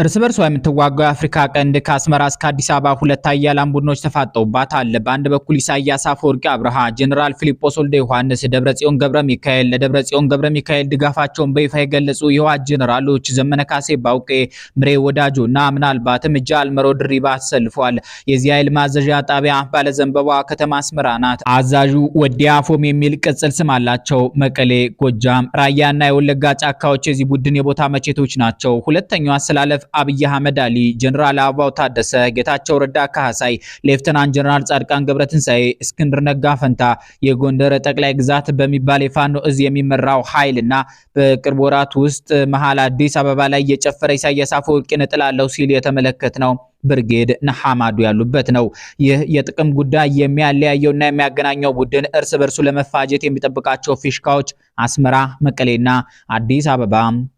እርስ በርሷ የምትዋጋው የአፍሪካ ቀንድ ከአስመራ እስከ አዲስ አበባ ሁለት አያላን ቡድኖች አለ። በአንድ በኩል ኢሳያስ አፈወርቂ አብርሃ፣ ጀኔራል ፊሊጶስ ወልደ ዮሐንስ፣ ደብረጽዮን ገብረ ሚካኤል ለደብረጽዮን ገብረ ሚካኤል ድጋፋቸውን በይፋ የገለጹ የህወሓት ጀኔራሎች ዘመነ ካሴ ባውቄ፣ ምሬ ወዳጆ እና ምናልባትም ጃልመሮ ድሪባ ተሰልፏል። የዚህ ኃይል ማዘዣ ጣቢያ ባለዘንበባ ከተማ አስመራ ናት። አዛዡ ወዲ አፎም የሚል ቅጽል ስም አላቸው። መቀሌ፣ ጎጃም፣ ራያና የወለጋ ጫካዎች የዚህ ቡድን የቦታ መቼቶች ናቸው። ሁለተኛው አሰላለፍ አለፍ አብይ አህመድ አሊ፣ ጀነራል አበባው ታደሰ፣ ጌታቸው ረዳ ካህሳይ፣ ሌፍተናንት ጀነራል ጻድቃን ገብረትንሳኤ፣ እስክንድር ነጋ ፈንታ የጎንደር ጠቅላይ ግዛት በሚባል የፋኖ እዝ የሚመራው ኃይልና በቅርብ ወራት ውስጥ መሃል አዲስ አበባ ላይ የጨፈረ ኢሳያስ አፈወርቂን እጥላለሁ ሲል የተመለከት ነው ብርጌድ ነሐማዱ ያሉበት ነው። ይህ የጥቅም ጉዳይ የሚያለያየውና የሚያገናኘው ቡድን እርስ በርሱ ለመፋጀት የሚጠብቃቸው ፊሽካዎች አስመራ፣ መቀሌና አዲስ አበባ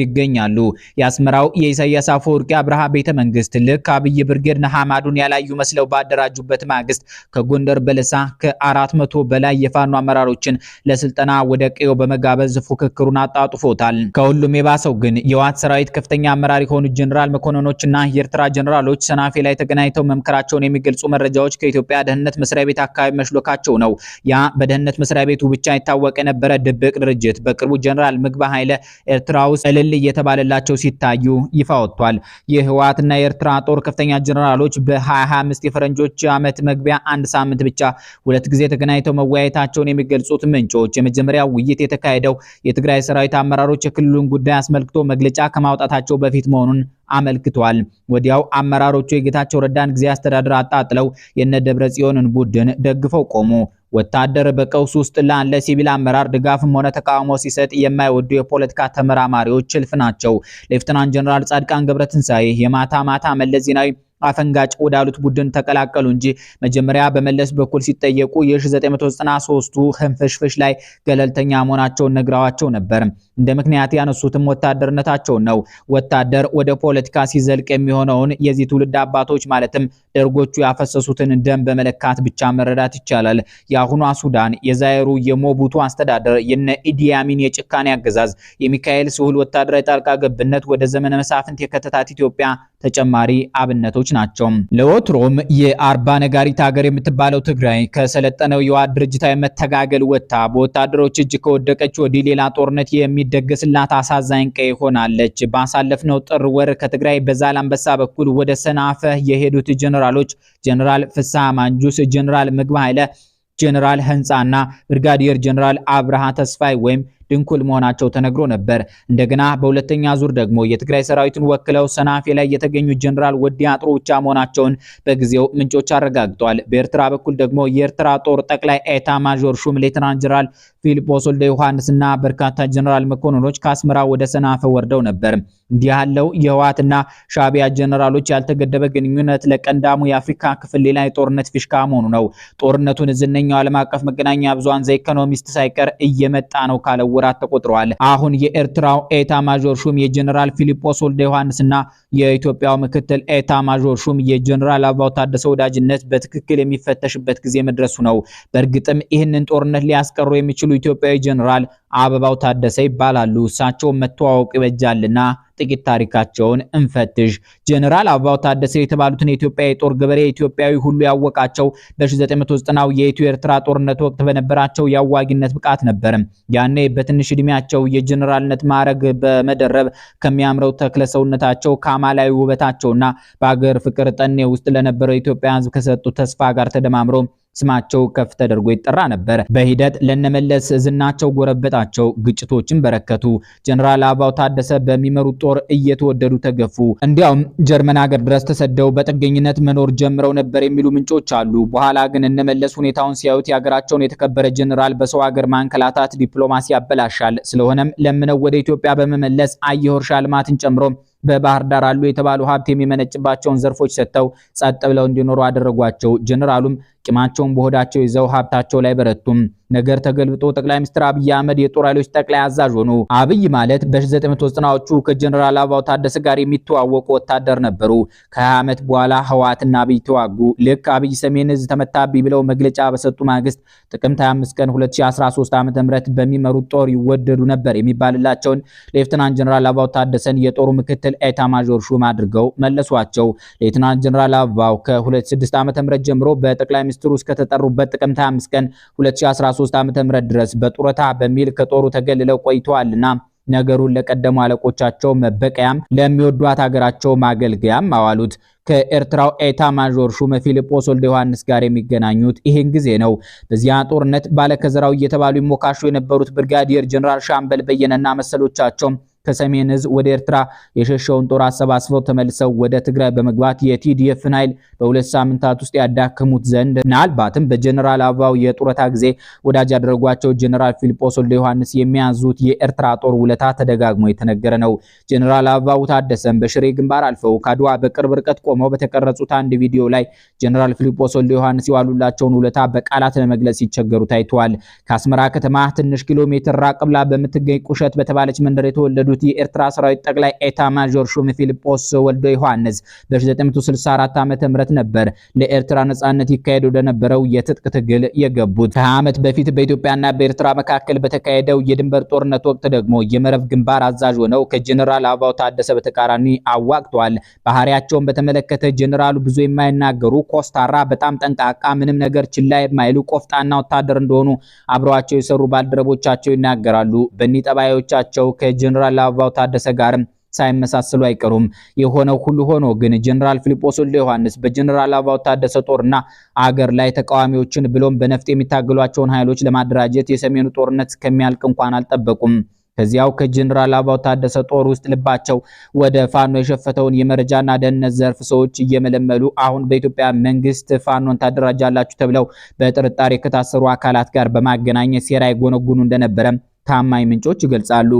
ይገኛሉ። የአስመራው የኢሳያስ አፈወርቂ አብርሃ ቤተ መንግስት ልክ አብይ ብርጌድ ነሐማዱን ያላዩ መስለው ባደራጁበት ማግስት ከጎንደር በለሳ ከአራት መቶ በላይ የፋኖ አመራሮችን ለስልጠና ወደ ቀዮ በመጋበዝ ፉክክሩን አጣጥፎታል። ከሁሉም የባሰው ግን የዋት ሰራዊት ከፍተኛ አመራር የሆኑ ጀኔራል መኮንኖችና የኤርትራ ጀኔራሎች ሰና መናፌ ላይ ተገናኝተው መምከራቸውን የሚገልጹ መረጃዎች ከኢትዮጵያ ደህንነት መስሪያ ቤት አካባቢ መሽሎካቸው ነው። ያ በደህንነት መስሪያ ቤቱ ብቻ የታወቀ የነበረ ድብቅ ድርጅት በቅርቡ ጀነራል ምግባ ኃይለ ኤርትራ ውስጥ እልል እየተባለላቸው ሲታዩ ይፋ ወጥቷል። የህወሓትና የኤርትራ ጦር ከፍተኛ ጀነራሎች በ2025 የፈረንጆች ዓመት መግቢያ አንድ ሳምንት ብቻ ሁለት ጊዜ ተገናኝተው መወያየታቸውን የሚገልጹት ምንጮች የመጀመሪያው ውይይት የተካሄደው የትግራይ ሰራዊት አመራሮች የክልሉን ጉዳይ አስመልክቶ መግለጫ ከማውጣታቸው በፊት መሆኑን አመልክቷል። ወዲያው አመራሮቹ ያላቸው የጌታቸው ረዳን ጊዜ አስተዳደር አጣጥለው የነ ደብረ ጽዮንን ቡድን ደግፈው ቆሙ። ወታደር በቀውስ ውስጥ ላለ ሲቪል አመራር ድጋፍም ሆነ ተቃውሞ ሲሰጥ የማይወዱ የፖለቲካ ተመራማሪዎች እልፍ ናቸው። ሌፍትናንት ጀነራል ጻድቃን ገብረትንሳኤ የማታ ማታ መለስ ዜናዊ አፈንጋጭ ወዳሉት ቡድን ተቀላቀሉ እንጂ መጀመሪያ በመለስ በኩል ሲጠየቁ የ1993ቱ ህንፍሽፍሽ ላይ ገለልተኛ መሆናቸውን ነግረዋቸው ነበር። እንደ ምክንያት ያነሱትም ወታደርነታቸውን ነው። ወታደር ወደ ፖለቲካ ሲዘልቅ የሚሆነውን የዚህ ትውልድ አባቶች ማለትም ደርጎቹ ያፈሰሱትን ደም በመለካት ብቻ መረዳት ይቻላል። የአሁኗ ሱዳን፣ የዛይሩ የሞቡቱ አስተዳደር፣ የነ ኢዲያሚን የጭካኔ አገዛዝ፣ የሚካኤል ስሁል ወታደራዊ ጣልቃ ገብነት ወደ ዘመነ መሳፍንት የከተታት ኢትዮጵያ ተጨማሪ አብነቶች ናቸው። ለወትሮም የአርባ ነጋሪት ሀገር የምትባለው ትግራይ ከሰለጠነው የዋድ ድርጅታዊ መተጋገል ወጥታ በወታደሮች እጅ ከወደቀች ወዲህ ሌላ ጦርነት የሚደገስላት አሳዛኝ ቀይ ሆናለች። ባሳለፍነው ጥር ወር ከትግራይ በዛላምበሳ በኩል ወደ ሰናፈ የሄዱት ጀኔራሎች ጀኔራል ፍስሐ ማንጁስ፣ ጀኔራል ምግብ ኃይለ ጀነራል ህንፃና ብርጋዲየር ጀነራል አብርሃ ተስፋይ ወይም ድንኩል መሆናቸው ተነግሮ ነበር። እንደገና በሁለተኛ ዙር ደግሞ የትግራይ ሰራዊትን ወክለው ሰናፌ ላይ የተገኙ ጀነራል ወዲ አጥሮ ብቻ መሆናቸውን በጊዜው ምንጮች አረጋግጠዋል በኤርትራ በኩል ደግሞ የኤርትራ ጦር ጠቅላይ ኤታ ማዦር ሹም ሌተናንት ጀነራል ፊልጶስ ወልደ ዮሐንስና በርካታ ጀነራል መኮንኖች ከአስመራ ወደ ሰናፈ ወርደው ነበር። እንዲህ ያለው የህወሓትና ጀነራሎች ያልተገደበ ግንኙነት ለቀንዳሙ የአፍሪካ ክፍል ሌላ የጦርነት ፊሽካ መሆኑ ነው። ጦርነቱን ዝነኛው ዓለም አቀፍ መገናኛ ብዙሃን ዘ ኢኮኖሚስት ሳይቀር እየመጣ ነው ካለው ወራት ተቆጥረዋል። አሁን የኤርትራው ኤታ ማዦር ሹም የጀኔራል ፊሊጶስ ወልደ እና የኢትዮጵያው ምክትል ኤታ ማዦር ሹም የጀኔራል አበባው ታደሰ ወዳጅነት በትክክል የሚፈተሽበት ጊዜ መድረሱ ነው። በእርግጥም ይህንን ጦርነት ሊያስቀሩ የሚችሉ ኢትዮጵያዊ ጀኔራል አበባው ታደሰ ይባላሉ። እሳቸውን መተዋወቅ ይበጃልና ጥቂት ታሪካቸውን እንፈትሽ። ጀነራል አበባው ታደሰ የተባሉትን የኢትዮጵያ የጦር ገበሬ ኢትዮጵያዊ ሁሉ ያወቃቸው በ1990ው የኢትዮ ኤርትራ ጦርነት ወቅት በነበራቸው የአዋጊነት ብቃት ነበር። ያኔ በትንሽ እድሜያቸው የጀነራልነት ማዕረግ በመደረብ ከሚያምረው ተክለ ሰውነታቸው ከአማላዊ ውበታቸውና በአገር ፍቅር ጠኔ ውስጥ ለነበረው የኢትዮጵያ ሕዝብ ከሰጡት ተስፋ ጋር ተደማምሮ ስማቸው ከፍ ተደርጎ ይጠራ ነበር። በሂደት ለነመለስ ዝናቸው ጎረበጣቸው፣ ግጭቶችን በረከቱ። ጀነራል አበባው ታደሰ በሚመሩት ጦር እየተወደዱ ተገፉ። እንዲያውም ጀርመን ሀገር ድረስ ተሰደው በጥገኝነት መኖር ጀምረው ነበር የሚሉ ምንጮች አሉ። በኋላ ግን እነመለስ ሁኔታውን ሲያዩት የሀገራቸውን የተከበረ ጀነራል በሰው ሀገር ማንከላታት ዲፕሎማሲ ያበላሻል፣ ስለሆነም ለምነው ወደ ኢትዮጵያ በመመለስ አየር እርሻ ልማትን ጨምሮ በባህር ዳር አሉ የተባሉ ሀብት የሚመነጭባቸውን ዘርፎች ሰጥተው ጸጥ ብለው እንዲኖሩ አደረጓቸው። ጀነራሉም ቂማቸውን በሆዳቸው ይዘው ሀብታቸው ላይ በረቱም። ነገር ተገልብጦ ጠቅላይ ሚኒስትር አብይ አህመድ የጦር ኃይሎች ጠቅላይ አዛዥ ሆኑ። አብይ ማለት በ1990ዎቹ ከጀነራል አበባው ታደሰ ጋር የሚተዋወቁ ወታደር ነበሩ። ከ20 ዓመት በኋላ ህወሓትና አብይ ተዋጉ። ልክ አብይ ሰሜን እዝ ተመታብኝ ብለው መግለጫ በሰጡ ማግስት ጥቅምት 25 ቀን 2013 ዓ.ም በሚመሩት ጦር ይወደዱ ነበር የሚባልላቸውን ሌፍትናንት ጀነራል አበባው ታደሰን የጦሩ ምክትል ኤታ ማዦር ሹም አድርገው መለሷቸው። ሌፍትናንት ጀነራል አበባው ከ2006 ም ጀምሮ በጠቅላይ ሚኒስትሩ እስከተጠሩበት ጥቅምት 25 ቀን 2013 2013 ዓ.ም ድረስ በጡረታ በሚል ከጦሩ ተገልለው ቆይተዋልና ነገሩን ለቀደሙ አለቆቻቸው መበቀያም ለሚወዷት ሀገራቸው ማገልገያም አዋሉት። ከኤርትራው ኤታ ማዦር ሹመ ፊልጶስ ወልደ ዮሐንስ ጋር የሚገናኙት ይህን ጊዜ ነው። በዚያ ጦርነት ባለከዘራው እየተባሉ ይሞካሹ የነበሩት ብርጋዲየር ጀነራል ሻምበል በየነና መሰሎቻቸው ከሰሜን እዝ ወደ ኤርትራ የሸሸውን ጦር አሰባስበው ተመልሰው ወደ ትግራይ በመግባት የቲዲኤፍን ኃይል በሁለት ሳምንታት ውስጥ ያዳክሙት ዘንድ ምናልባትም በጀነራል አበባው የጡረታ ጊዜ ወዳጅ ያደረጓቸው ጀነራል ፊልጶስ ወልደ ዮሐንስ የሚያዙት የኤርትራ ጦር ውለታ ተደጋግሞ የተነገረ ነው። ጀነራል አበባው ታደሰም በሽሬ ግንባር አልፈው ከአድዋ በቅርብ ርቀት ቆመው በተቀረጹት አንድ ቪዲዮ ላይ ጀነራል ፊልጶስ ወልደ ዮሐንስ የዋሉላቸውን ውለታ በቃላት ለመግለጽ ሲቸገሩ ታይተዋል። ከአስመራ ከተማ ትንሽ ኪሎ ሜትር ራቅ ብላ በምትገኝ ቁሸት በተባለች መንደር የተወለዱ የነበሩት የኤርትራ ሰራዊት ጠቅላይ ኤታ ማዦር ሹም ፊልጶስ ወልደ ዮሐንስ በ1964 ዓ.ም ነበር ለኤርትራ ነጻነት ይካሄድ ወደነበረው የትጥቅ ትግል የገቡት። ከ20 ዓመት በፊት በኢትዮጵያና በኤርትራ መካከል በተካሄደው የድንበር ጦርነት ወቅት ደግሞ የመረብ ግንባር አዛዥ ሆነው ከጀኔራል አበባው ታደሰ በተቃራኒ አዋቅቷል። ባህሪያቸውን በተመለከተ ጀኔራሉ ብዙ የማይናገሩ ኮስታራ፣ በጣም ጠንቃቃ፣ ምንም ነገር ችላ የማይሉ ቆፍጣና ወታደር እንደሆኑ አብረዋቸው የሰሩ ባልደረቦቻቸው ይናገራሉ። በኒህ ጠባዮቻቸው ከጀኔራል አበባው ታደሰ ጋር ሳይመሳሰሉ አይቀሩም። የሆነው ሁሉ ሆኖ ግን ጀነራል ፊሊጶስ ወልደ ዮሐንስ በጀነራል አበባው ታደሰ ጦርና አገር ላይ ተቃዋሚዎችን ብሎም በነፍጥ የሚታገሏቸውን ኃይሎች ለማደራጀት የሰሜኑ ጦርነት እስከሚያልቅ እንኳን አልጠበቁም። ከዚያው ከጀነራል አበባው ታደሰ ጦር ውስጥ ልባቸው ወደ ፋኖ የሸፈተውን የመረጃና ደህንነት ዘርፍ ሰዎች እየመለመሉ አሁን በኢትዮጵያ መንግስት ፋኖን ታደራጃላችሁ ተብለው በጥርጣሬ ከታሰሩ አካላት ጋር በማገናኘት ሴራ ይጎነጉኑ እንደነበረ ታማኝ ምንጮች ይገልጻሉ።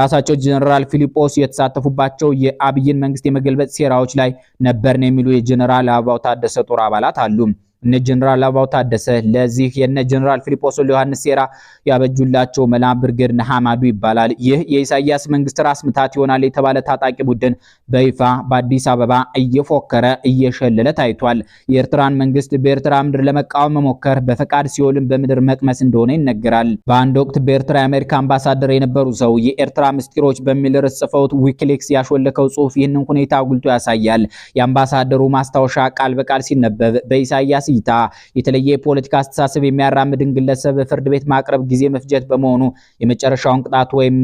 ራሳቸው ጀነራል ፊሊጶስ የተሳተፉባቸው የአብይን መንግስት የመገልበጥ ሴራዎች ላይ ነበርን የሚሉ የጀነራል አበባው ታደሰ ጦር አባላት አሉ። እነ ጀነራል አበባው ታደሰ ለዚህ የነ ጀነራል ፊሊጶስ ዮሐንስ ሴራ ያበጁላቸው መላ ብርጌድ ነሐማዱ ይባላል። ይህ የኢሳያስ መንግስት ራስ ምታት ይሆናል የተባለ ታጣቂ ቡድን በይፋ በአዲስ አበባ እየፎከረ እየሸለለ ታይቷል። የኤርትራን መንግስት በኤርትራ ምድር ለመቃወም መሞከር በፈቃድ ሲኦልን በምድር መቅመስ እንደሆነ ይነገራል። በአንድ ወቅት በኤርትራ የአሜሪካ አምባሳደር የነበሩ ሰው የኤርትራ ምስጢሮች በሚል ርዕስ ጽፈውት ዊኪሊክስ ያሾለከው ጽሁፍ ይህንን ሁኔታ አጉልቶ ያሳያል። የአምባሳደሩ ማስታወሻ ቃል በቃል ሲነበብ በኢሳያስ ኢሳያስ ይታ የተለየ የፖለቲካ አስተሳሰብ የሚያራምድን ግለሰብ ፍርድ ቤት ማቅረብ ጊዜ መፍጀት በመሆኑ የመጨረሻውን ቅጣት ወይም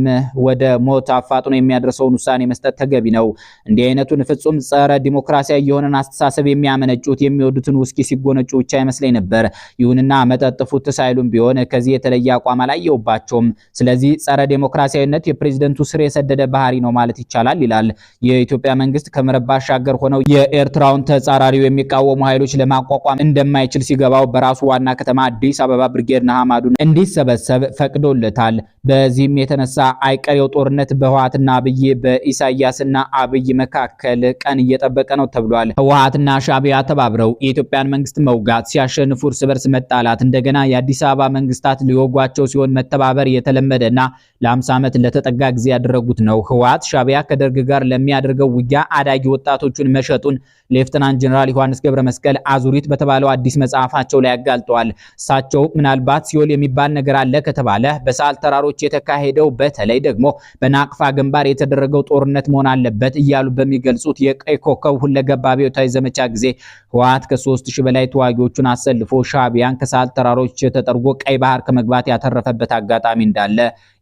ወደ ሞት አፋጥኖ የሚያደርሰውን ውሳኔ መስጠት ተገቢ ነው። እንዲህ አይነቱን ፍጹም ጸረ ዲሞክራሲያዊ የሆነን አስተሳሰብ የሚያመነጩት የሚወዱትን ውስኪ ሲጎነጩ ብቻ ይመስለኝ ነበር። ይሁንና መጠጥ ፉት ሳይሉም ቢሆን ከዚህ የተለየ አቋም አላየሁባቸውም። ስለዚህ ጸረ ዲሞክራሲያዊነት የፕሬዝደንቱ ስር የሰደደ ባህሪ ነው ማለት ይቻላል ይላል። የኢትዮጵያ መንግስት ከምዕራብ ባሻገር ሆነው የኤርትራውን ተጻራሪው የሚቃወሙ ኃይሎች ለማቋቋም እንደማይችል ሲገባው በራሱ ዋና ከተማ አዲስ አበባ ብርጌድ ንሓመዱን እንዲሰበሰብ ፈቅዶለታል። በዚህም የተነሳ አይቀሬው ጦርነት በህወሓትና አብይ በኢሳያስና አብይ መካከል ቀን እየጠበቀ ነው ተብሏል። ህወሓትና ሻቢያ ተባብረው የኢትዮጵያን መንግስት መውጋት ሲያሸንፉ እርስ በርስ መጣላት፣ እንደገና የአዲስ አበባ መንግስታት ሊወጓቸው ሲሆን መተባበር የተለመደና ለአምሳ ዓመት ለተጠጋ ጊዜ ያደረጉት ነው። ህወሓት ሻቢያ ከደርግ ጋር ለሚያደርገው ውጊያ አዳጊ ወጣቶቹን መሸጡን ሌፍትናንት ጀኔራል ዮሐንስ ገብረ መስቀል አዙሪት በተባለ ባለው አዲስ መጽሐፋቸው ላይ ያጋልጠዋል። እሳቸው ምናልባት ሲኦል የሚባል ነገር አለ ከተባለ በሳል ተራሮች የተካሄደው በተለይ ደግሞ በናቅፋ ግንባር የተደረገው ጦርነት መሆን አለበት እያሉ በሚገልጹት የቀይ ኮከብ ሁለገብ አብዮታዊ ዘመቻ ጊዜ ህወሓት ከሶስት ሺህ በላይ ተዋጊዎቹን አሰልፎ ሻቢያን ከሳል ተራሮች ተጠርጎ ቀይ ባህር ከመግባት ያተረፈበት አጋጣሚ እንዳለ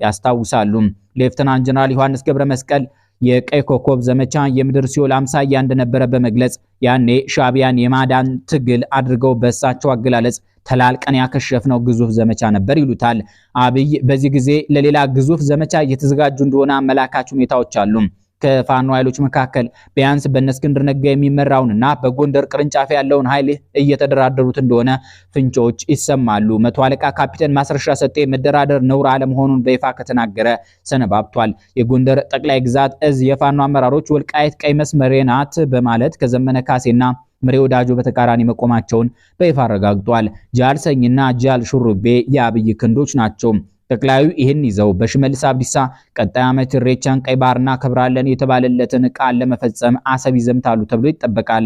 ያስታውሳሉ። ሌፍትናንት ጀነራል ዮሐንስ ገብረ መስቀል የቀይ ኮከብ ዘመቻ የምድር ሲኦል አምሳያ እንደነበረ በመግለጽ ያኔ ሻቢያን የማዳን ትግል አድርገው በእሳቸው አገላለጽ ተላልቀን ያከሸፍነው ግዙፍ ዘመቻ ነበር ይሉታል። አብይ በዚህ ጊዜ ለሌላ ግዙፍ ዘመቻ እየተዘጋጁ እንደሆነ አመላካች ሁኔታዎች አሉ። ከፋኖ ኃይሎች መካከል ቢያንስ በነስክንድር ነጋ የሚመራውንና በጎንደር ቅርንጫፍ ያለውን ኃይል እየተደራደሩት እንደሆነ ፍንጮች ይሰማሉ። መቶ አለቃ ካፒቴን ማስረሻ ሰጤ መደራደር ነውር አለመሆኑን በይፋ ከተናገረ ሰነባብቷል። የጎንደር ጠቅላይ ግዛት እዝ የፋኖ አመራሮች ወልቃየት ቀይ መስመሬ ናት በማለት ከዘመነ ካሴና ምሬ ወዳጆ በተቃራኒ መቆማቸውን በይፋ አረጋግጧል። ጃል ሰኝና ጃል ሹሩቤ የአብይ ክንዶች ናቸው። ጠቅላዩ ይህን ይዘው በሽመልስ አብዲሳ ቀጣይ ዓመት ኢሬቻን ቀይ ባህር እናከብራለን የተባለለትን ቃል ለመፈጸም አሰብ ይዘምታሉ ተብሎ ይጠበቃል።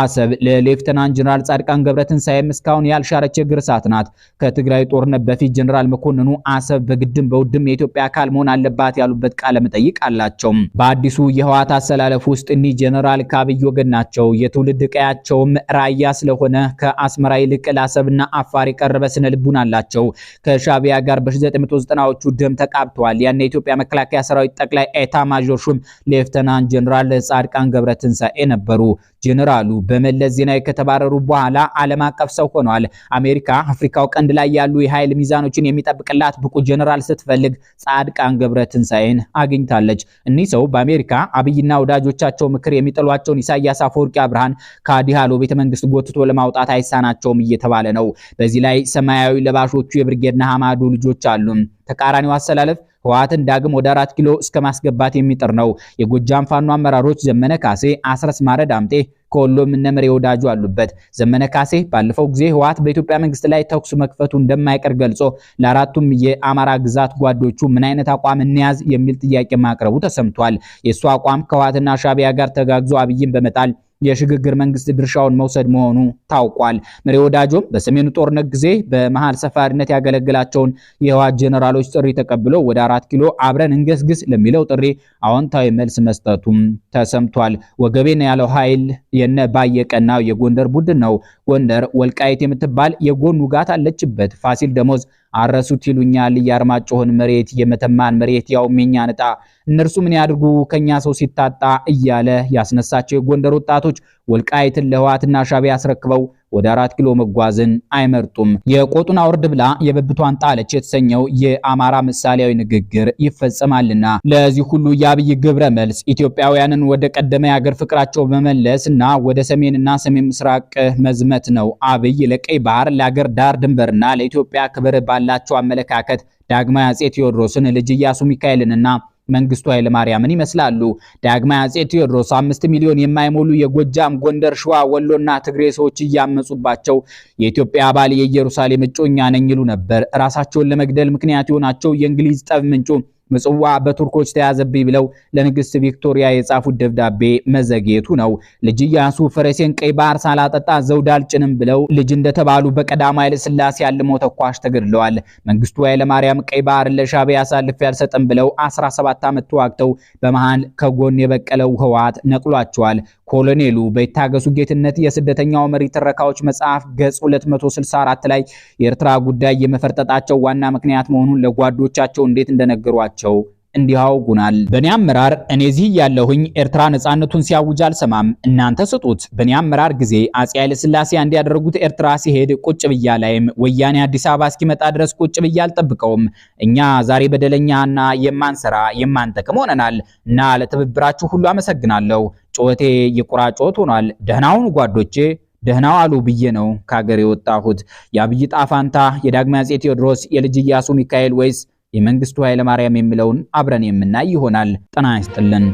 አሰብ ለሌፍተናንት ጀነራል ጻድቃን ገብረትንሳኤም እስካሁን ያልሻረች እግር እሳት ናት። ከትግራይ ጦርነት በፊት ጀነራል መኮንኑ አሰብ በግድም በውድም የኢትዮጵያ አካል መሆን አለባት ያሉበት ቃለ መጠይቅ አላቸው። በአዲሱ የህወሓት አሰላለፍ ውስጥ እኒህ ጀነራል ከአብይ ወገን ናቸው። የትውልድ ቀያቸውም ራያ ስለሆነ ከአስመራ ይልቅ ለአሰብና አፋር የቀረበ ስነ ልቡና አላቸው። ከሻቢያ ጋር በ በ1990ዎቹ ደም ተቃብተዋል። ያን የኢትዮጵያ መከላከያ ሰራዊት ጠቅላይ ኤታ ማዦር ሹም ሌፍተናንት ጀኔራል ጻድቃን ገብረትንሳኤ ነበሩ። ጄኔራሉ በመለስ ዜናዊ ከተባረሩ በኋላ ዓለም አቀፍ ሰው ሆኗል። አሜሪካ አፍሪካው ቀንድ ላይ ያሉ የኃይል ሚዛኖችን የሚጠብቅላት ብቁ ጄኔራል ስትፈልግ ጻድቃን ገብረ ትንሳኤን አግኝታለች። እኒህ ሰው በአሜሪካ አብይና ወዳጆቻቸው ምክር የሚጠሏቸውን ኢሳያስ አፈወርቂ አብርሃን ከአዲሃሎ ቤተመንግስት ጎትቶ ለማውጣት አይሳናቸውም እየተባለ ነው። በዚህ ላይ ሰማያዊ ለባሾቹ የብርጌድ ንሓመዱ ልጆች አሉ። ተቃራኒው አሰላለፍ ህወሓትን ዳግም ወደ አራት ኪሎ እስከ ማስገባት የሚጥር ነው። የጎጃም ፋኖ አመራሮች ዘመነ ካሴ፣ አስረስ ማረ ዳምጤ ከወሎም እነምሬ ወዳጁ አሉበት። ዘመነ ካሴ ባለፈው ጊዜ ህወሓት በኢትዮጵያ መንግስት ላይ ተኩስ መክፈቱ እንደማይቀር ገልጾ ለአራቱም የአማራ ግዛት ጓዶቹ ምን አይነት አቋም እንያዝ የሚል ጥያቄ ማቅረቡ ተሰምቷል። የእሱ አቋም ከህወሓትና ሻቢያ ጋር ተጋግዞ አብይን በመጣል የሽግግር መንግስት ድርሻውን መውሰድ መሆኑ ታውቋል። መሪ ወዳጆም በሰሜኑ ጦርነት ጊዜ በመሃል ሰፋሪነት ያገለግላቸውን የህወሓት ጀነራሎች ጥሪ ተቀብሎ ወደ አራት ኪሎ አብረን እንገስግስ ለሚለው ጥሪ አዎንታዊ መልስ መስጠቱም ተሰምቷል። ወገቤን ያለው ኃይል የነ ባየቀና የጎንደር ቡድን ነው። ጎንደር ወልቃይት የምትባል የጎን ውጋት አለችበት። ፋሲል ደሞዝ አረሱት ይሉኛል የአርማጭሆን መሬት የመተማን መሬት ያው የኛን ዕጣ እነርሱ ምን ያድርጉ ከኛ ሰው ሲታጣ እያለ ያስነሳቸው የጎንደር ወጣቶች ወልቃይትን ለህዋትና ሻቢያ ያስረክበው ወደ አራት ኪሎ መጓዝን አይመርጡም። የቆጡን አውርድ ብላ የብብቷን ጣለች የተሰኘው የአማራ ምሳሌያዊ ንግግር ይፈጸማልና ለዚህ ሁሉ የአብይ ግብረ መልስ ኢትዮጵያውያንን ወደ ቀደመ የአገር ፍቅራቸው መመለስ እና ወደ ሰሜንና ሰሜን ምስራቅ መዝመት ነው። አብይ ለቀይ ባህር ለአገር ዳር ድንበርና ለኢትዮጵያ ክብር ባላቸው አመለካከት ዳግማዊ አጼ ቴዎድሮስን ልጅ ኢያሱ ሚካኤልንና መንግስቱ ኃይለ ማርያምን ይመስላሉ። ዳግማዊ አጼ ቴዎድሮስ አምስት ሚሊዮን የማይሞሉ የጎጃም፣ ጎንደር፣ ሸዋ፣ ወሎና ትግሬ ሰዎች እያመጹባቸው የኢትዮጵያ አባል የኢየሩሳሌም እጮኛ ነኝ ይሉ ነበር። ራሳቸውን ለመግደል ምክንያት የሆናቸው የእንግሊዝ ጠብ ምንጩ ምጽዋ በቱርኮች ተያዘብኝ ብለው ለንግስት ቪክቶሪያ የጻፉት ደብዳቤ መዘግየቱ ነው። ልጅ ኢያሱ ፈረሴን ቀይ ባህር ሳላጠጣ ዘውድ አልጭንም ብለው ልጅ እንደተባሉ በቀዳማዊ ኃይለ ሥላሴ ያልመው ተኳሽ ተገድለዋል። መንግስቱ ኃይለማርያም ቀይ ባህር ለሻዕቢያ አሳልፌ አልሰጥም ብለው 17 ዓመት ተዋግተው በመሃል ከጎን የበቀለው ህወሓት ነቅሏቸዋል። ኮሎኔሉ በይታገሱ ጌትነት የስደተኛው መሪ ትረካዎች መጽሐፍ ገጽ 264 ላይ የኤርትራ ጉዳይ የመፈርጠጣቸው ዋና ምክንያት መሆኑን ለጓዶቻቸው እንዴት እንደነገሯቸው እንዲህ አውጉናል። በእኔ አመራር እኔ እዚህ ያለሁኝ ኤርትራ ነጻነቱን ሲያውጅ አልሰማም፣ እናንተ ስጡት። በእኔ አመራር ጊዜ አጼ ኃይለስላሴ አንዲያደረጉት ኤርትራ ሲሄድ ቁጭ ብያ ላይም ወያኔ አዲስ አበባ እስኪመጣ ድረስ ቁጭ ብያ አልጠብቀውም። እኛ ዛሬ በደለኛና የማንሰራ የማንጠቅም ሆነናል እና ለትብብራችሁ ሁሉ አመሰግናለሁ። ጩኸቴ የቁራ ጩኸት ሆኗል። ደህናውን ጓዶቼ ደህናው አሉ ብዬ ነው ከሀገር የወጣሁት። የአብይ ጣፋንታ የዳግማዊ አጼ ቴዎድሮስ የልጅ ኢያሱ ሚካኤል ወይስ የመንግስቱ ኃይለማርያም የሚለውን አብረን የምናይ ይሆናል። ጤና ይስጥልን።